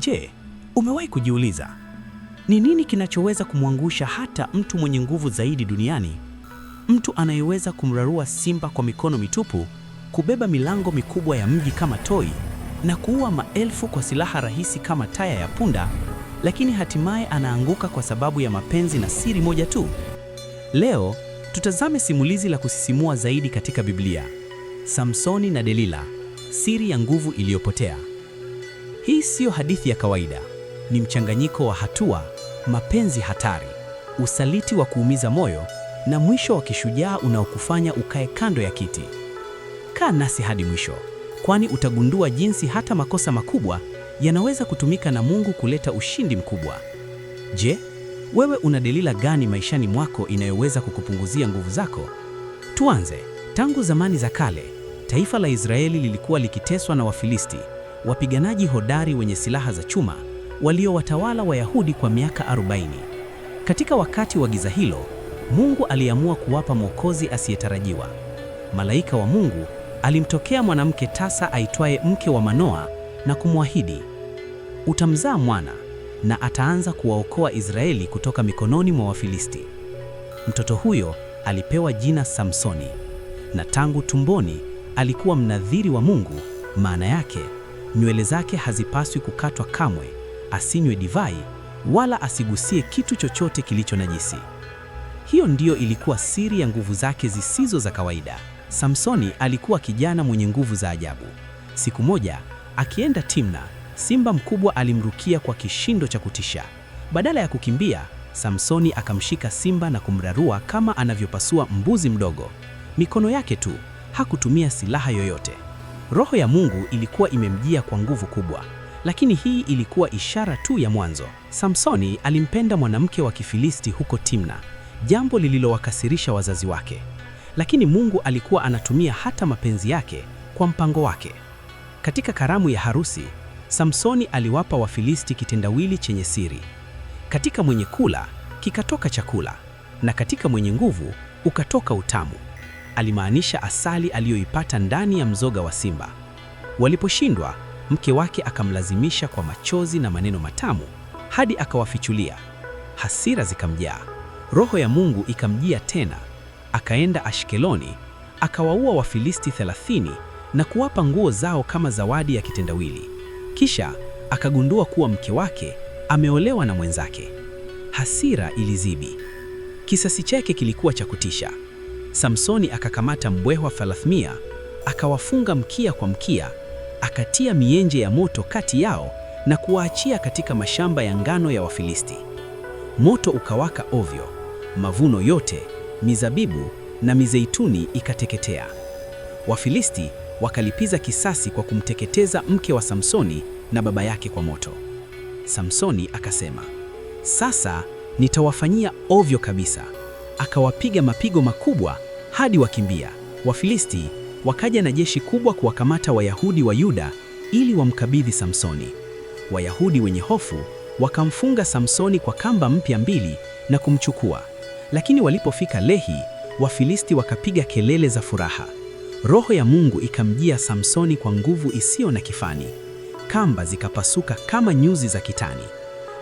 Je, umewahi kujiuliza ni nini kinachoweza kumwangusha hata mtu mwenye nguvu zaidi duniani? Mtu anayeweza kumrarua simba kwa mikono mitupu, kubeba milango mikubwa ya mji kama toi na kuua maelfu kwa silaha rahisi kama taya ya punda, lakini hatimaye anaanguka kwa sababu ya mapenzi na siri moja tu. Leo tutazame simulizi la kusisimua zaidi katika Biblia, Samsoni na Delila, siri ya nguvu iliyopotea. Hii siyo hadithi ya kawaida, ni mchanganyiko wa hatua, mapenzi hatari, usaliti wa kuumiza moyo na mwisho wa kishujaa unaokufanya ukae kando ya kiti. Kaa nasi hadi mwisho, kwani utagundua jinsi hata makosa makubwa yanaweza kutumika na Mungu kuleta ushindi mkubwa. Je, wewe una delila gani maishani mwako inayoweza kukupunguzia nguvu zako? Tuanze. Tangu zamani za kale, taifa la Israeli lilikuwa likiteswa na Wafilisti wapiganaji hodari wenye silaha za chuma waliowatawala Wayahudi kwa miaka 40. Katika wakati wa giza hilo, Mungu aliamua kuwapa mwokozi asiyetarajiwa. Malaika wa Mungu alimtokea mwanamke tasa aitwaye mke wa Manoa na kumwahidi, utamzaa mwana na ataanza kuwaokoa Israeli kutoka mikononi mwa Wafilisti. Mtoto huyo alipewa jina Samsoni, na tangu tumboni alikuwa mnadhiri wa Mungu, maana yake nywele zake hazipaswi kukatwa kamwe, asinywe divai wala asigusie kitu chochote kilicho najisi. Hiyo ndiyo ilikuwa siri ya nguvu zake zisizo za kawaida. Samsoni alikuwa kijana mwenye nguvu za ajabu. Siku moja akienda Timna, simba mkubwa alimrukia kwa kishindo cha kutisha. Badala ya kukimbia, Samsoni akamshika simba na kumrarua kama anavyopasua mbuzi mdogo. Mikono yake tu, hakutumia silaha yoyote. Roho ya Mungu ilikuwa imemjia kwa nguvu kubwa, lakini hii ilikuwa ishara tu ya mwanzo. Samsoni alimpenda mwanamke wa Kifilisti huko Timna, jambo lililowakasirisha wazazi wake, lakini Mungu alikuwa anatumia hata mapenzi yake kwa mpango wake. Katika karamu ya harusi, Samsoni aliwapa Wafilisti kitendawili chenye siri. Katika mwenye kula kikatoka chakula, na katika mwenye nguvu ukatoka utamu alimaanisha asali aliyoipata ndani ya mzoga wa simba. Waliposhindwa, mke wake akamlazimisha kwa machozi na maneno matamu hadi akawafichulia. Hasira zikamjaa, roho ya Mungu ikamjia tena. Akaenda Ashkeloni, akawaua Wafilisti thelathini na kuwapa nguo zao kama zawadi ya kitendawili. Kisha akagundua kuwa mke wake ameolewa na mwenzake. Hasira ilizidi. Kisasi chake kilikuwa cha kutisha. Samsoni akakamata mbweha thelathini, akawafunga mkia kwa mkia, akatia mienje ya moto kati yao na kuwaachia katika mashamba ya ngano ya Wafilisti. Moto ukawaka ovyo, mavuno yote, mizabibu na mizeituni ikateketea. Wafilisti wakalipiza kisasi kwa kumteketeza mke wa Samsoni na baba yake kwa moto. Samsoni akasema, sasa nitawafanyia ovyo kabisa. Akawapiga mapigo makubwa hadi wakimbia. Wafilisti wakaja na jeshi kubwa kuwakamata Wayahudi wa Yuda ili wamkabidhi Samsoni. Wayahudi wenye hofu wakamfunga Samsoni kwa kamba mpya mbili na kumchukua. Lakini walipofika Lehi, Wafilisti wakapiga kelele za furaha. Roho ya Mungu ikamjia Samsoni kwa nguvu isiyo na kifani. Kamba zikapasuka kama nyuzi za kitani.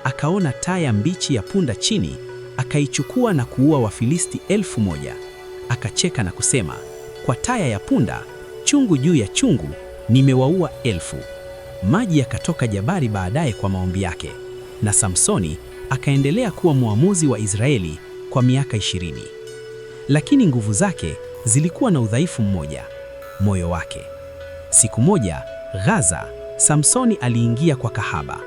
Akaona taya mbichi ya punda chini, akaichukua na kuua Wafilisti elfu moja akacheka na kusema, kwa taya ya punda chungu juu ya chungu nimewaua elfu. Maji yakatoka Jabari baadaye kwa maombi yake, na Samsoni akaendelea kuwa mwamuzi wa Israeli kwa miaka ishirini. Lakini nguvu zake zilikuwa na udhaifu mmoja, moyo wake. Siku moja Gaza, Samsoni aliingia kwa kahaba.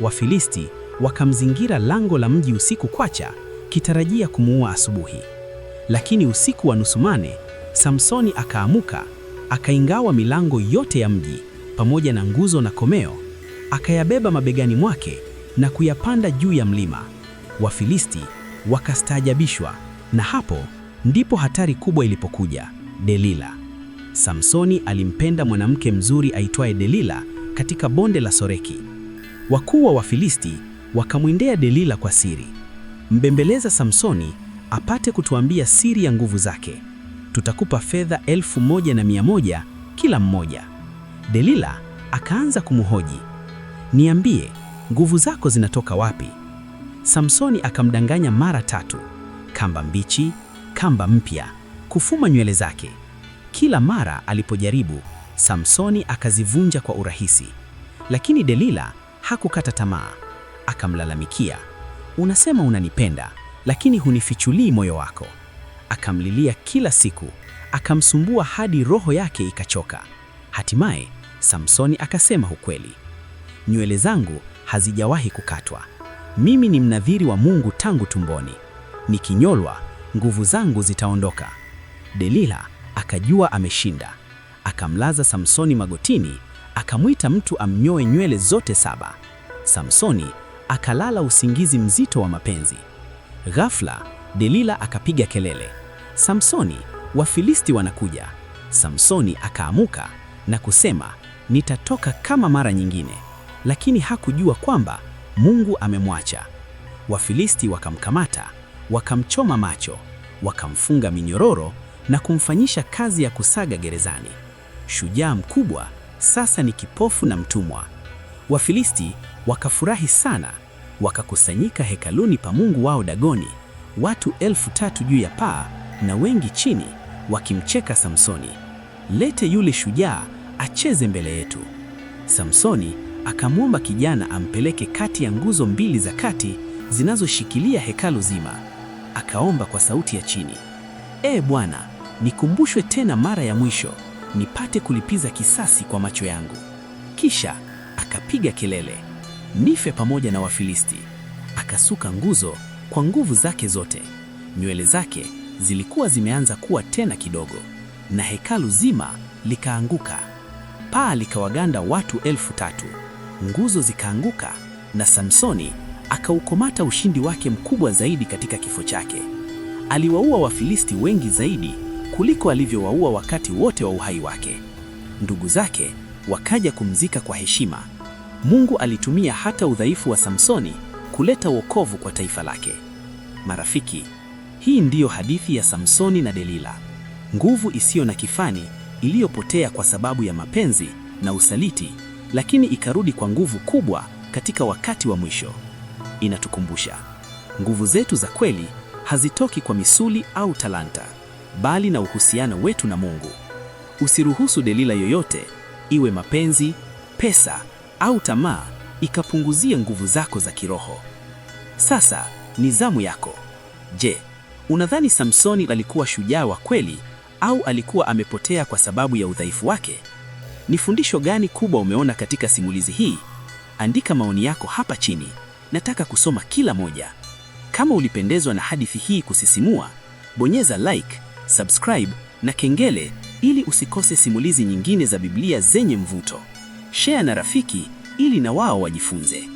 Wafilisti wakamzingira lango la mji usiku kwacha, kitarajia kumuua asubuhi. Lakini usiku wa nusu manane, Samsoni akaamuka, akaingawa milango yote ya mji pamoja na nguzo na komeo, akayabeba mabegani mwake na kuyapanda juu ya mlima. Wafilisti wakastaajabishwa, na hapo ndipo hatari kubwa ilipokuja: Delila. Samsoni alimpenda mwanamke mzuri aitwaye Delila katika bonde la Soreki. Wakuu wa Wafilisti wakamwendea Delila kwa siri. Mbembeleza Samsoni apate kutuambia siri ya nguvu zake. Tutakupa fedha elfu moja na mia moja kila mmoja. Delila akaanza kumhoji, niambie nguvu zako zinatoka wapi? Samsoni akamdanganya mara tatu, kamba mbichi, kamba mpya, kufuma nywele zake. Kila mara alipojaribu, Samsoni akazivunja kwa urahisi, lakini Delila hakukata tamaa. Akamlalamikia, unasema unanipenda, lakini hunifichulii moyo wako. Akamlilia kila siku, akamsumbua hadi roho yake ikachoka. Hatimaye Samsoni akasema ukweli, nywele zangu hazijawahi kukatwa. Mimi ni mnadhiri wa Mungu tangu tumboni. Nikinyolwa nguvu zangu zitaondoka. Delila akajua ameshinda, akamlaza Samsoni magotini, akamwita mtu amnyoe nywele zote saba. Samsoni akalala usingizi mzito wa mapenzi. Ghafla Delila akapiga kelele, Samsoni, Wafilisti wanakuja! Samsoni akaamuka na kusema, nitatoka kama mara nyingine, lakini hakujua kwamba Mungu amemwacha. Wafilisti wakamkamata, wakamchoma macho, wakamfunga minyororo na kumfanyisha kazi ya kusaga gerezani. Shujaa mkubwa sasa ni kipofu na mtumwa. Wafilisti wakafurahi sana wakakusanyika hekaluni pa mungu wao Dagoni, watu elfu tatu juu ya paa na wengi chini, wakimcheka Samsoni, lete yule shujaa acheze mbele yetu. Samsoni akamwomba kijana ampeleke kati ya nguzo mbili za kati zinazoshikilia hekalu zima. Akaomba kwa sauti ya chini, E Bwana, nikumbushwe tena mara ya mwisho, nipate kulipiza kisasi kwa macho yangu. Kisha akapiga kelele nife pamoja na Wafilisti. Akasuka nguzo kwa nguvu zake zote. Nywele zake zilikuwa zimeanza kuwa tena kidogo, na hekalu zima likaanguka. Paa likawaganda watu elfu tatu, nguzo zikaanguka, na Samsoni akaukomata ushindi wake mkubwa zaidi katika kifo chake. Aliwaua Wafilisti wengi zaidi kuliko alivyowaua wakati wote wa uhai wake. Ndugu zake wakaja kumzika kwa heshima, Mungu alitumia hata udhaifu wa Samsoni kuleta wokovu kwa taifa lake. Marafiki, hii ndiyo hadithi ya Samsoni na Delila, nguvu isiyo na kifani iliyopotea kwa sababu ya mapenzi na usaliti, lakini ikarudi kwa nguvu kubwa katika wakati wa mwisho. Inatukumbusha nguvu zetu za kweli hazitoki kwa misuli au talanta, bali na uhusiano wetu na Mungu. Usiruhusu Delila yoyote, iwe mapenzi, pesa au tamaa ikapunguzie nguvu zako za kiroho. Sasa ni zamu yako. Je, unadhani Samsoni alikuwa shujaa wa kweli au alikuwa amepotea kwa sababu ya udhaifu wake? Ni fundisho gani kubwa umeona katika simulizi hii? Andika maoni yako hapa chini, nataka kusoma kila moja. Kama ulipendezwa na hadithi hii kusisimua, bonyeza like, subscribe na kengele ili usikose simulizi nyingine za Biblia zenye mvuto share na rafiki ili na wao wajifunze.